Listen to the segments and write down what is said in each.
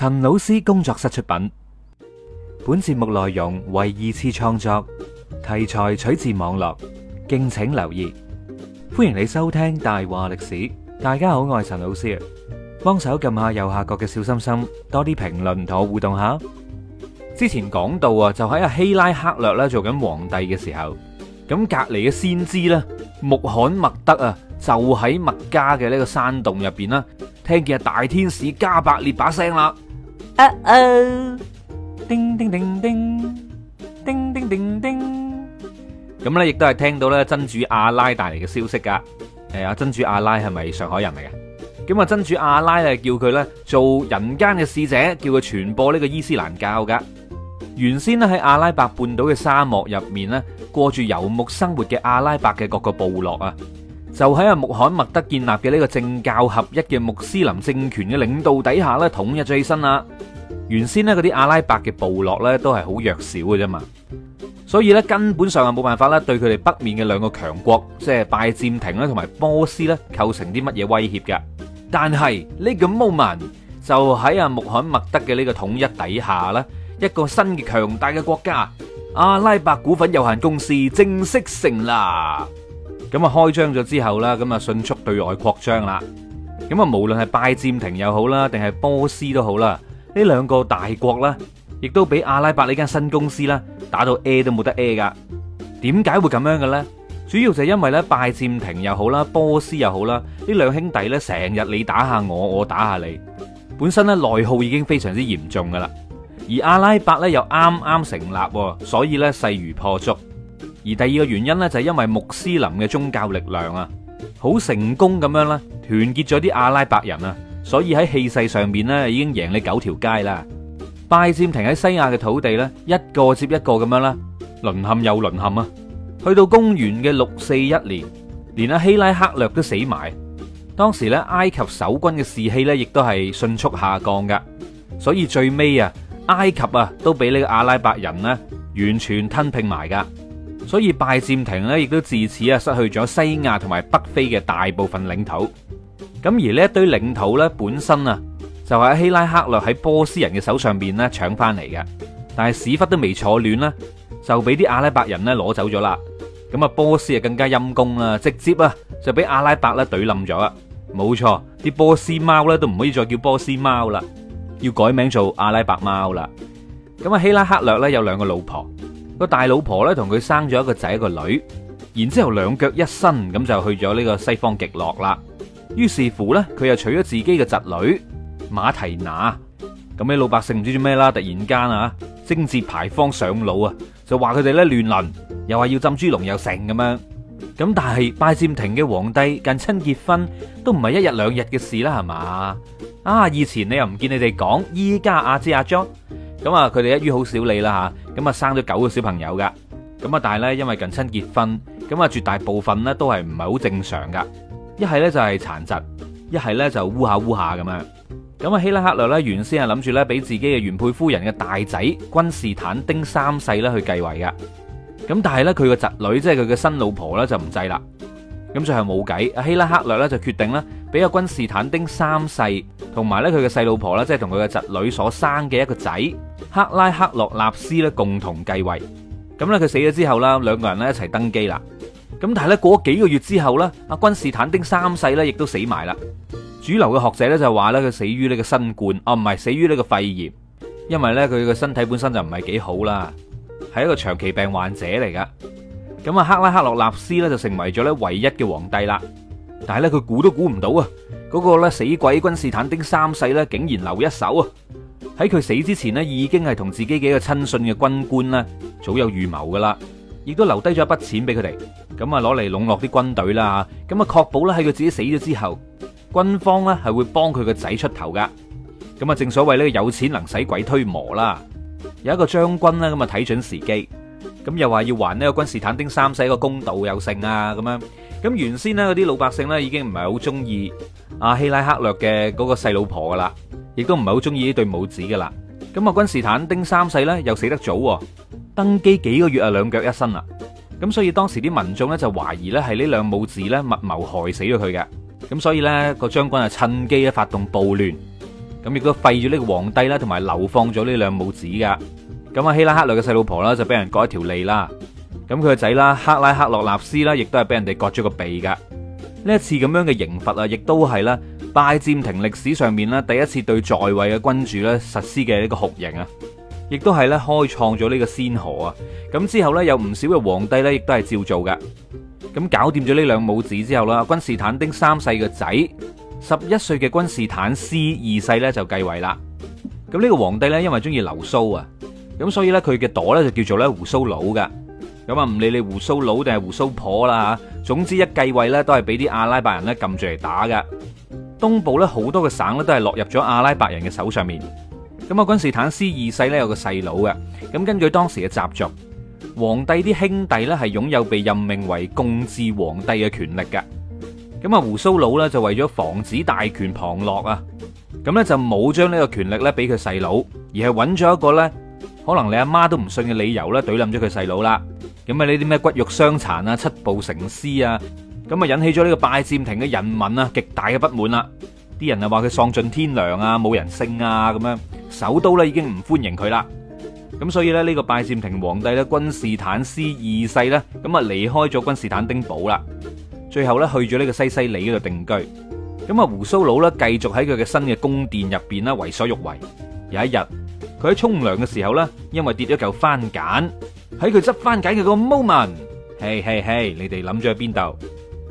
陳老師工作室出品，本節目內容為二次創作，題材取自網絡，敬請留意。歡迎你收聽《大話歷史》。大家好，我係陳老師啊，幫手撳下右下角嘅小心心，多啲評論同我互動下。之前講到啊，就喺阿希拉克略咧做緊皇帝嘅時候，咁隔籬嘅先知咧，穆罕默德啊，就喺麥加嘅呢個山洞入邊啦，聽見阿大天使加百列把聲啦。啊哦，叮叮叮叮，叮叮叮叮，咁咧亦都係聽到咧，真主阿拉帶嚟嘅消息噶。誒，啊，真主阿拉係咪上海人嚟嘅？咁啊真主阿拉啊叫佢咧做人間嘅使者，叫佢傳播呢個伊斯蘭教噶。原先咧喺阿拉伯半島嘅沙漠入面咧過住游牧生活嘅阿拉伯嘅各個部落啊。就喺阿穆罕默德建立嘅呢個政教合一嘅穆斯林政權嘅領導底下咧，統一咗起身啦。原先呢，嗰啲阿拉伯嘅部落咧都係好弱小嘅啫嘛，所以咧根本上係冇辦法啦，對佢哋北面嘅兩個強國，即係拜占庭咧同埋波斯咧構成啲乜嘢威脅嘅。但係呢個 moment 就喺阿穆罕默德嘅呢個統一底下咧，一個新嘅強大嘅國家——阿拉伯股份有限公司正式成立。咁啊，開張咗之後啦，咁啊，迅速對外擴張啦。咁啊，無論係拜占庭又好啦，定係波斯都好啦，呢兩個大國啦，亦都俾阿拉伯呢間新公司啦打到 A 都冇得 A 噶。點解會咁樣嘅咧？主要就係因為咧，拜占庭又好啦，波斯又好啦，呢兩兄弟咧，成日你打下我，我打下你，本身咧內耗已經非常之嚴重噶啦。而阿拉伯咧又啱啱成立，所以咧勢如破竹。而第二個原因呢，就係因為穆斯林嘅宗教力量啊，好成功咁樣啦，團結咗啲阿拉伯人啊，所以喺氣勢上面呢，已經贏你九條街啦。拜占庭喺西亞嘅土地呢，一個接一個咁樣啦，淪陷又淪陷啊。去到公元嘅六四一年，連阿希拉克略都死埋。當時呢，埃及守軍嘅士氣呢，亦都係迅速下降噶。所以最尾啊，埃及啊，都俾呢個阿拉伯人呢，完全吞併埋噶。所以拜占庭咧，亦都自此啊，失去咗西亞同埋北非嘅大部分領土。咁而呢一堆領土咧，本身啊就係喺希拉克略喺波斯人嘅手上邊咧搶翻嚟嘅。但係屎忽都未坐暖啦，就俾啲阿拉伯人咧攞走咗啦。咁啊，波斯啊，更加陰功啦，直接啊，就俾阿拉伯咧懟冧咗啦。冇錯，啲波斯貓咧都唔可以再叫波斯貓啦，要改名做阿拉伯貓啦。咁啊，希拉克略咧有兩個老婆。個大老婆咧同佢生咗一個仔一個女，然之後兩腳一伸咁就去咗呢個西方極樂啦。於是乎呢，佢又娶咗自己嘅侄女馬提娜。咁你老百姓唔知做咩啦，突然間啊，貞節牌坊上腦啊，就話佢哋咧亂倫，又話要浸豬籠又成咁樣。咁但係拜占庭嘅皇帝近親結婚都唔係一日兩日嘅事啦，係嘛？啊，以前你又唔見你哋講，依家阿支阿左。咁啊，佢哋一於好少理啦吓，咁啊生咗九個小朋友噶，咁啊但係咧因為近親結婚，咁啊絕大部分咧都係唔係好正常噶，一係咧就係殘疾，一係咧就烏下烏下咁樣。咁啊希拉克略咧原先係諗住咧俾自己嘅原配夫人嘅大仔君士坦丁三世咧去繼位噶，咁但係咧佢個侄女即係佢嘅新老婆咧就唔制啦，咁最後冇計，阿希拉克略咧就決定咧俾阿君士坦丁三世同埋咧佢嘅細老婆咧，即係同佢嘅侄女所生嘅一個仔。克拉克洛納斯咧共同繼位，咁咧佢死咗之後啦，兩個人咧一齊登基啦。咁但係咧過咗幾個月之後咧，阿君士坦丁三世咧亦都死埋啦。主流嘅學者咧就話咧佢死於呢個新冠，啊唔係死於呢個肺炎，因為咧佢嘅身體本身就唔係幾好啦，係一個長期病患者嚟噶。咁啊克拉克洛納斯咧就成為咗咧唯一嘅皇帝啦。但係咧佢估都估唔到啊，嗰個咧死鬼君士坦丁三世咧竟然留一手啊！喺佢死之前咧，已經係同自己嘅一個親信嘅軍官咧，早有預謀噶啦，亦都留低咗一筆錢俾佢哋，咁啊攞嚟籠絡啲軍隊啦，咁啊確保咧喺佢自己死咗之後，軍方咧係會幫佢個仔出頭噶，咁啊正所謂呢個有錢能使鬼推磨啦，有一個將軍咧，咁啊睇準時機，咁又話要還呢個君士坦丁三世一個公道有正啊，咁樣，咁原先呢，嗰啲老百姓呢已經唔係好中意阿希拉克略嘅嗰個細老婆噶啦。亦都唔係好中意呢對母子噶啦，咁阿君士坦丁三世呢，又死得早啊，登基幾個月啊兩腳一伸啦，咁所以當時啲民眾呢，就懷疑呢係呢兩母子呢密謀害死咗佢嘅，咁所以呢個將軍啊趁機咧發動暴亂，咁亦都廢咗呢個皇帝啦，同埋流放咗呢兩母子噶，咁阿希拉克略嘅細老婆啦就俾人割一條脷，啦咁佢個仔啦克拉克洛納斯啦亦都係俾人哋割咗個鼻噶，呢一次咁樣嘅刑罰啊，亦都係啦。拜占庭歷史上面咧，第一次對在位嘅君主咧實施嘅呢個酷刑啊，亦都係咧開創咗呢個先河啊。咁之後咧，有唔少嘅皇帝咧，亦都係照做嘅。咁搞掂咗呢兩母子之後啦，君士坦丁三世嘅仔十一歲嘅君士坦斯二世咧就繼位啦。咁、這、呢個皇帝咧，因為中意留鬚啊，咁所以咧佢嘅朵咧就叫做咧鬍鬚佬噶。咁啊，唔理你鬍鬚佬定係鬍鬚婆啦，總之一繼位咧都係俾啲阿拉伯人咧撳住嚟打嘅。東部咧好多嘅省咧都係落入咗阿拉伯人嘅手上面。咁啊，君士坦斯二世咧有個細佬嘅。咁根據當時嘅習俗，皇帝啲兄弟咧係擁有被任命為共治皇帝嘅權力嘅。咁啊，胡蘇魯咧就為咗防止大權旁落啊，咁咧就冇將呢個權力咧俾佢細佬，而係揾咗一個咧可能你阿媽都唔信嘅理由咧懟冧咗佢細佬啦。咁啊，呢啲咩骨肉相殘啊，七步成詩啊。咁啊，引起咗呢個拜占庭嘅人民啊，極大嘅不滿啦。啲人啊，話佢喪盡天良啊，冇人性啊，咁樣首都咧已經唔歡迎佢啦。咁所以咧，呢個拜占庭皇帝咧，君士坦斯二世咧，咁啊離開咗君士坦丁堡啦。最後咧去咗呢個西西里嗰度定居。咁啊，胡鬚佬咧繼續喺佢嘅新嘅宮殿入邊啦，為所欲為。有一日，佢喺沖涼嘅時候咧，因為跌咗一嚿番梘喺佢執番梘嘅個 moment，嘿，嘿，嘿，你哋諗咗去邊度？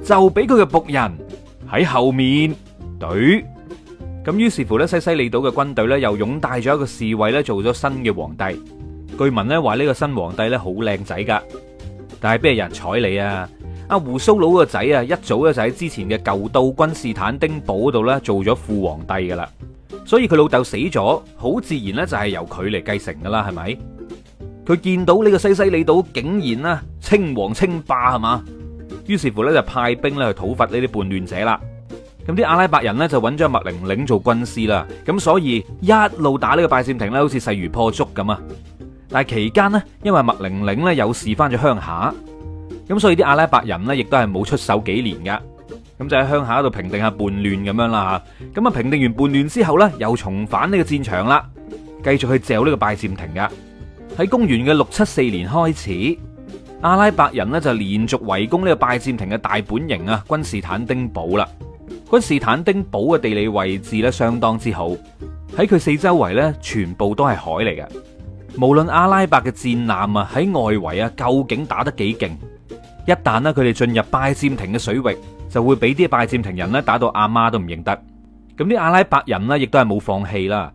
就俾佢嘅僕人喺後面懟，咁於是乎咧，西西里島嘅軍隊咧又擁戴咗一個侍衛咧做咗新嘅皇帝。據聞呢，話呢個新皇帝咧好靚仔噶，但係邊人睬你啊？阿胡蘇佬個仔啊，一早咧就喺之前嘅舊都君士坦丁堡度咧做咗副皇帝噶啦，所以佢老豆死咗，好自然咧就係由佢嚟繼承噶啦，係咪？佢見到呢個西西里島竟然咧稱王稱霸，係嘛？於是乎咧，就派兵咧去討伐呢啲叛亂者啦。咁啲阿拉伯人呢，就揾咗麥玲玲做軍師啦。咁所以一路打呢個拜占庭呢，好似勢如破竹咁啊！但係期間呢，因為麥玲玲呢有事翻咗鄉下，咁所以啲阿拉伯人呢，亦都係冇出手幾年噶。咁就喺鄉下度平定下叛亂咁樣啦。咁啊，平定完叛亂之後呢，又重返呢個戰場啦，繼續去嚼呢個拜占庭噶。喺公元嘅六七四年開始。阿拉伯人呢，就連續圍攻呢個拜占庭嘅大本營啊，君士坦丁堡啦。君士坦丁堡嘅地理位置咧，相當之好，喺佢四周圍咧，全部都係海嚟嘅。無論阿拉伯嘅戰艦啊喺外圍啊，究竟打得幾勁？一旦呢，佢哋進入拜占庭嘅水域，就會俾啲拜占庭人咧，打到阿媽都唔認得。咁啲阿拉伯人呢，亦都係冇放棄啦，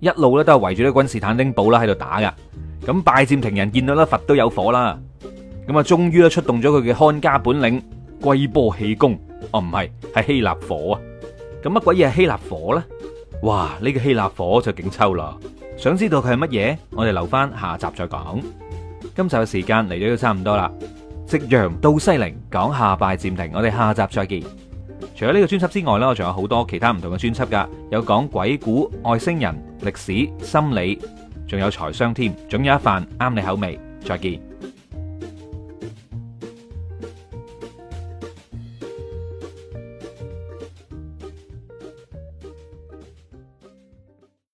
一路咧都係圍住啲君士坦丁堡啦喺度打噶。咁拜占庭人見到咧佛都有火啦。咁啊，終於咧出動咗佢嘅看家本領，龜波氣功，哦唔係，係希臘火啊！咁乜鬼嘢係希臘火咧？哇！呢個希臘火就勁抽咯！想知道佢係乜嘢？我哋留翻下集再講。今集嘅時間嚟咗都差唔多啦，夕陽到西陵，講下拜占庭，我哋下集再見。除咗呢個專輯之外咧，我仲有好多其他唔同嘅專輯噶，有講鬼故、外星人、歷史、心理，仲有財商添，總有一份啱你口味。再見。